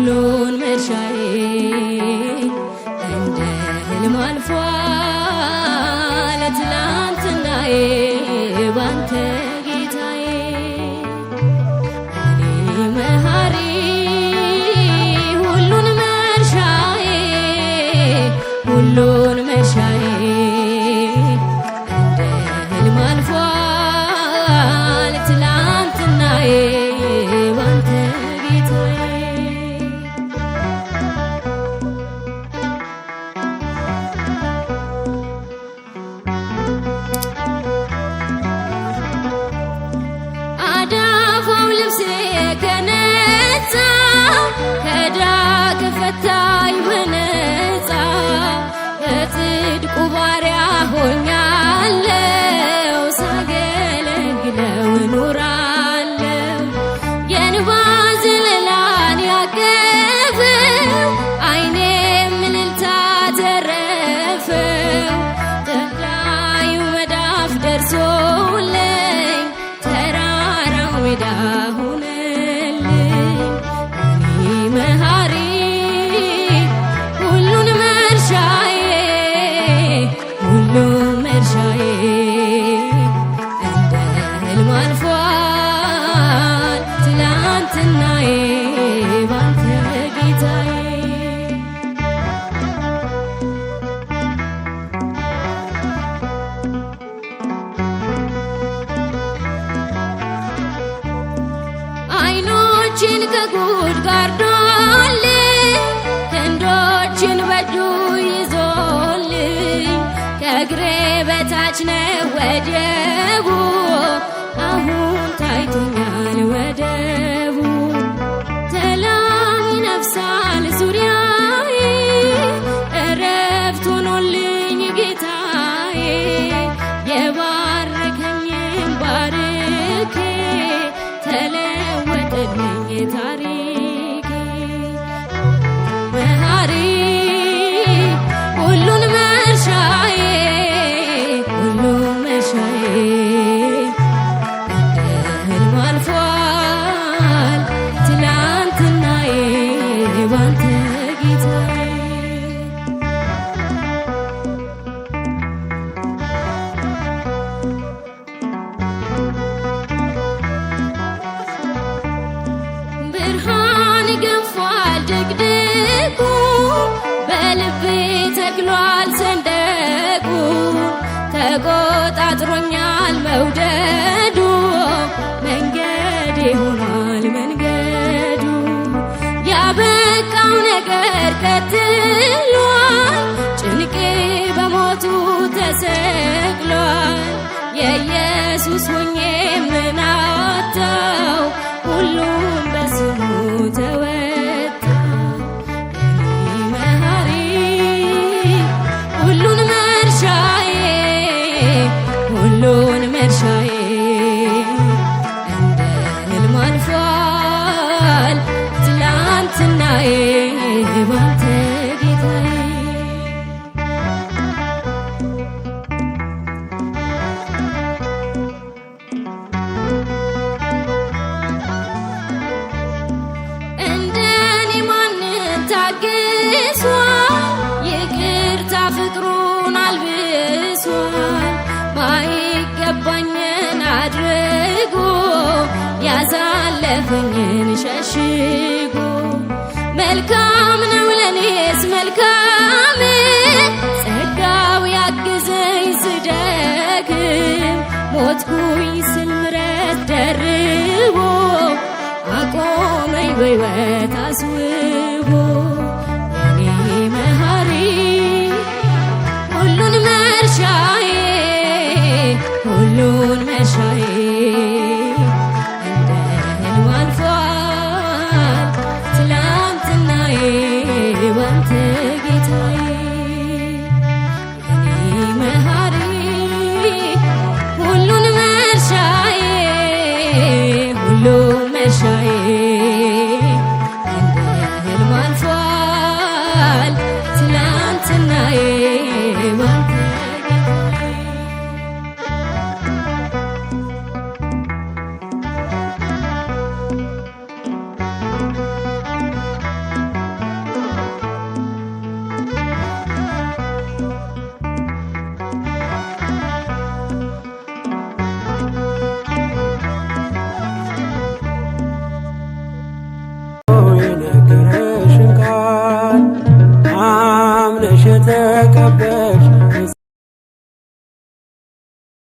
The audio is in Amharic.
አምኖን መድሻዬ እንደ ህልም አልፏል ትላንትናዬ ባንተ ተስፋዬ ከጉድ ጋርዶል ክንዶችን በእጁ ይዞልኝ ከእግሬ በታች ነው ወደቡ አሁን ታይቶኛል ወደ time. በልቤ ተክሏል ሰንደቁ ተቆጣጥሮኛል መውደዱ መንገድ ሆኗል መንገዱ ያበቃው ነገር ከትሏል ጭንቄ በሞቱ ተሰቅሏል የኢየሱስ ሆኛ ሁሉን መድሻዬ እንደ ህልም አልፏል ትላንትናዬ ባንተ አድርጎ ያሳለፈኝን ሸሽጎ መልካም ነው ለኔስ መልካም ጸጋው ያግዘኝ ስደክም ሞትኩኝ ስል ምረት ደርቦ አቆመኝ በሕይወት አስውቦ romantic